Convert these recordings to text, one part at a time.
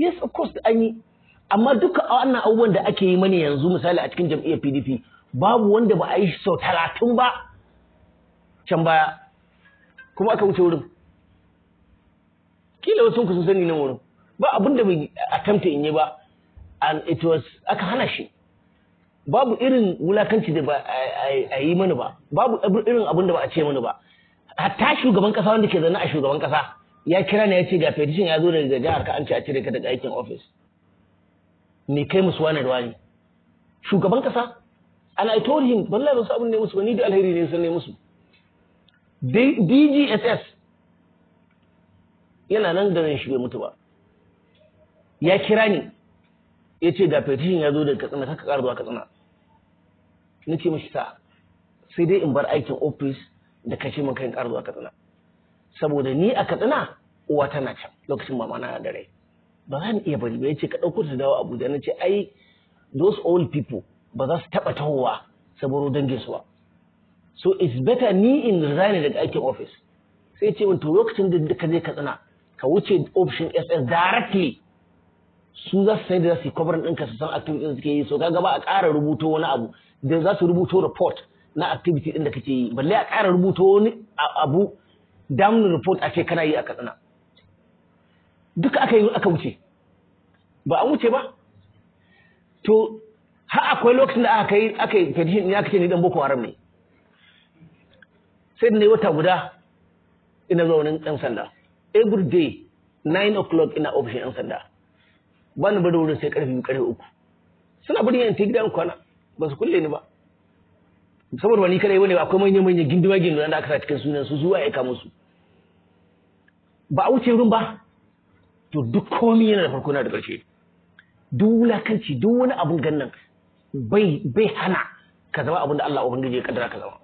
yes of course an yi amma duka wannan abubuwan da ake yi mani yanzu misali a cikin jam'iyyar PDP babu wanda ba a yi sau talatin ba can baya kuma aka wuce wurin kila wasu sun sani nan wurin ba abin da bai attempt in yi ba and it was aka hana shi babu irin wulakanci da ba a yi mani ba babu irin abin da ba a ce mani ba hatta shugaban kasa wanda ke zana a shugaban kasa ya kira ne ya ce ga petition ya zo daga jihar ka an ce a cire ka daga aikin office ni kai musu wani da wani shugaban kasa and I told him wallahi ban su abin ne musu ba ni da alheri ne sun ne musu DGSS yana nan da nan shi bai mutu ba ya kira ni ya ce ga petition ya zo daga katsina kaka ƙara zuwa katsina na ce mashi sa sai dai in bar aikin office da kashe min kayan ƙara zuwa katsina saboda ni a katsina uwa tana can lokacin mama na da rai ba za ni iya bari ba yace ka ɗauko ta dawo abuja na ce ai those old people ba za su taɓa tahowa saboda dangin su ba so it's better ni in resign daga aikin office sai ce wato lokacin da ka je katsina ka wuce option ss directly su za su sai da za su cover ɗinka su san activity da suke yi so kaga ba a ƙara rubuto wani abu da za su rubuto report na activity ɗin da kake yi balle a ƙara rubuto wani abu damn report a ce kana yi a katsina duka aka yi aka wuce ba an wuce ba to har akwai lokacin da aka yi aka yi fadihin ya kace ni dan boko haram ne sai da ne wata guda ina zuwa wani ɗan sanda every day 9 o'clock ina office dan sanda ba ni bada wurin sai karfi biyu uku suna bari yin tigidan kwana ba su kulle ni ba saboda wani kada yi wani akwai manya manya gindimagin da aka sa cikin sunan su zuwa ya kama musu ba a wuce wurin ba to duk komi yana da farko na da ƙarshe duk wulakanci duk wani abun gannan bai bai hana ka zama abin da Allah ubangiji ya kaddara ka zama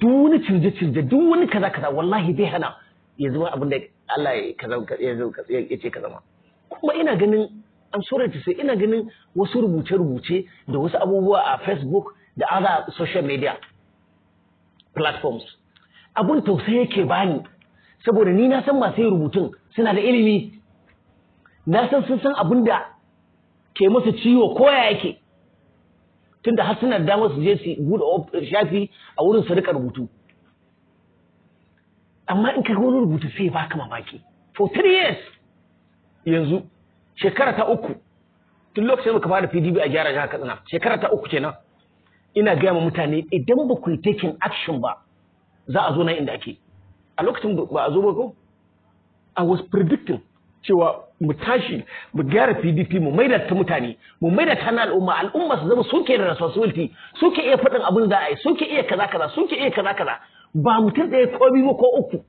duk wani cirje cirje duk wani kaza kaza wallahi bai hana ya zama abin da Allah ya ce ka zama kuma ina ganin an sorry to say ina ganin wasu rubuce-rubuce da wasu abubuwa a Facebook da other social media platforms abun tausayi yake bani saboda ni na san masu yin rubutun suna da ilimi na san sun san abin da ke musu ciwo koya yake tunda har suna da damar su je su buɗe shafi a wurin su rubutu amma in ka ga wani rubutu sai ba ka mamaki for three years yanzu shekara ta uku tun lokacin da muka fara PDB a gyara jihar Katsina shekara ta uku kenan ina gaya ma mutane idan ba ku yi taking action ba za a zo nan inda ake a lokacin ba a zo ba ko I was predicting cewa mu tashi mu gyara PDP mu maida ta mutane mu maida ta na al'umma al'umma su zama suke da responsibility suke iya faɗin abin za a yi suke iya kaza kaza suke iya kaza kaza ba mutum ɗaya ko biyu ko uku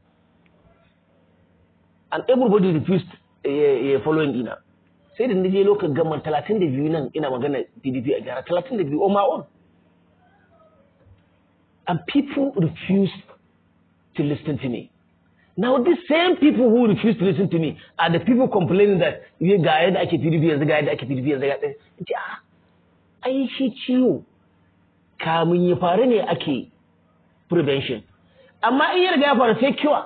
and everybody refused ya eh, eh, eh, following ina sai da nije lokacin gamar 32 nan ina magana PDP a gyara 32 on my own and people refused to listen to me. Now, the same people who refuse to listen to me are the people complaining that you guy da ake PDP yanzu guy da ake PDP yanzu guy yeah, I hate you. kamun ya faru ne ake prevention amma in ya riga ya faru sai cure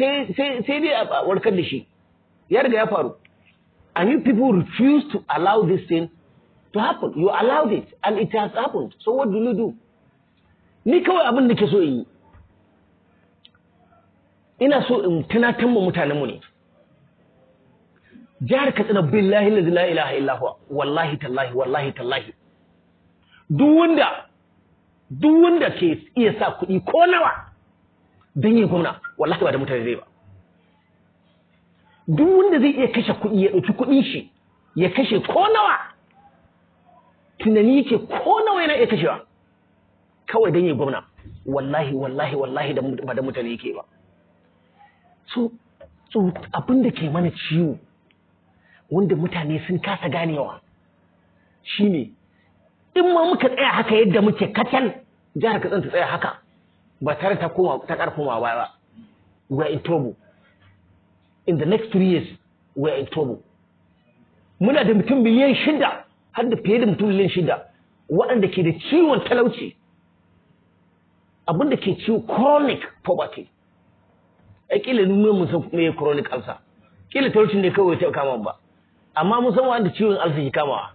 sai sai sai dai a warkar da shi ya riga ya faru and you people refuse to allow this thing to happen you allowed it and it has happened so what do you do ni kawai abin da ke so in yi ina so in tunatar mu mutanen mu ne jihar Katsina billahi la ilaha illa wallahi tallahi wallahi tallahi duk wanda duk wanda ke iya sa kuɗi ko nawa don yin gwamna wallahi ba da mutane zai ba duk wanda zai iya kashe kuɗi ya ɗauki kuɗin shi ya kashe ko nawa tunani yake ko nawa yana iya kashewa kawai don yin gwamna wallahi wallahi wallahi ba da mutane yake ba so abin da ke mana ciwo wanda mutane sun kasa ganewa shine in ma muka tsaya haka yadda muke kacal jihar katsan ta tsaya haka ba tare ta koma ta karfuma ba ba we in trouble in the next three years we are in trouble muna da mutum biliyan shida har da fiye da mutum biliyan shida waɗanda ke da ciwon talauci abin ke ciwo chronic poverty ai kila mu mun san me chronic ulcer kila talcin ne kawai ta kama ba amma mun san wanda ciwon ulcer ke kamawa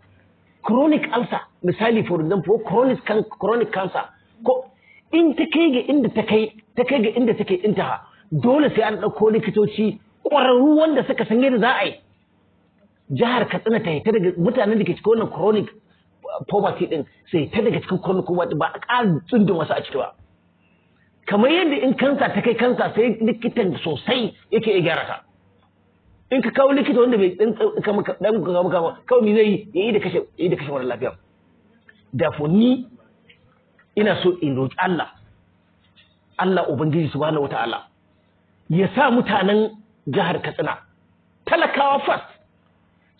chronic ulcer misali for example chronic chronic cancer ko in ta kai ga inda ta kai ta kai ga inda take intaha dole sai an ɗauko likitoci kwararru wanda suka san yadda za a yi jihar katsina ta hita daga mutanen da ke cikin wannan chronic poverty din sai ta daga cikin chronic poverty ba a ƙarin tsundun wasu a cikin ba kamar yadda in kansa ta kai kansa sai likitan sosai yake iya gyara ta in ka kawo likita wanda bai dan kama dan kama kama kawai me zai yi da kashe yi da kashe wannan lafiya da ni ina so in roki Allah Allah ubangiji subhanahu wataala ya sa mutanen jihar Katsina talakawa fas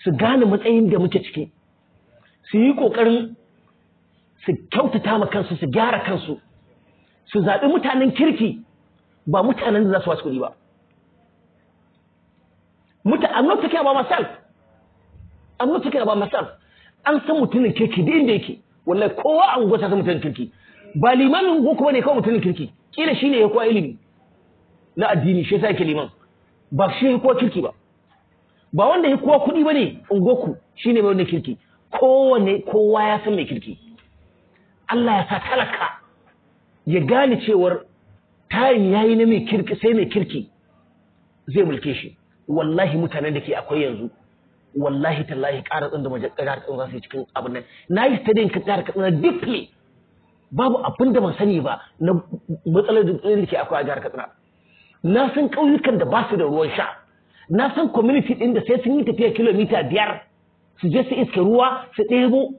su gane matsayin da muke ciki su yi kokarin su kyautata ma kansu su gyara kansu su zaɓi mutanen kirki ba mutanen da za su wasu kuɗi ba I'm not talking about myself I'm not talking about myself an san mutumin kirki da inda yake wallahi kowa an gwasa san mutumin kirki ba limamin ko kuma ne kawai mutumin kirki kila shine ya kowa ilimi na addini shi sa yake liman ba shi ya kowa kirki ba ba wanda ya kowa kuɗi ba ne ungoku shi ne mai wanda kirki ne, kowa ya san mai kirki Allah ya sa talaka ya gane cewar tayin ya yi na mai kirki sai mai kirki zai mulke shi wallahi mutanen da ke akwai yanzu wallahi tallahi ƙara tsin da majalisar tsin za su yi cikin abin nan na yi studying ka katsina deeply babu abin da ban sani ba na matsalar da ke akwai a jihar katsina na san ƙauyukan da ba su da ruwan sha na san community ɗin da sai sun yi tafiya kilomita biyar su je su iska ruwa su ɗebo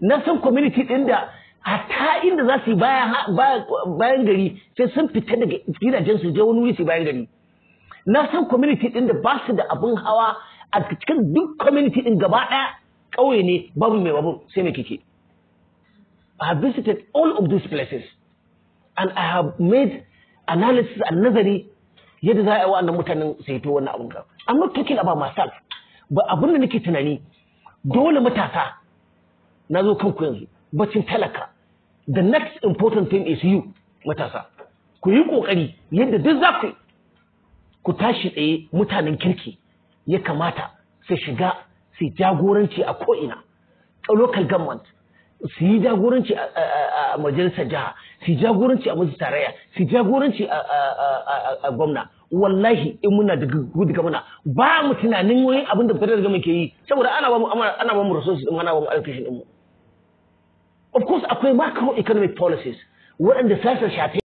na san community ɗin da hatta inda za su yi bayan gari sai sun fita daga gidajen su je wani wuri su bayan gari na san community din da ba su da abin hawa a cikin duk community din gaba daya ƙauye ne babu mai babu sai mai kike I have visited all of these places and I have made analysis and nazari yadda za a yi wa'annan mutanen saito wannan abin ga I'm not talking about myself ba abin da nake tunani dole matasa na zo kanku yanzu bacin talaka the next important thing is you matasa ku yi kokari yadda duk za ku ku tashi tsaye mutanen kirki ya kamata su shiga su jagoranci a ko'ina a local government su yi jagoranci a majalisar jiha su yi jagoranci a majalisar tarayya su yi jagoranci a gwamna wallahi in muna da gudu gamana ba mu tunanin wani abin da fitar da gama ke yi saboda ana ba mu ana ba mu ana ba mu allocation din mu Of course, our macroeconomic policies the first shafi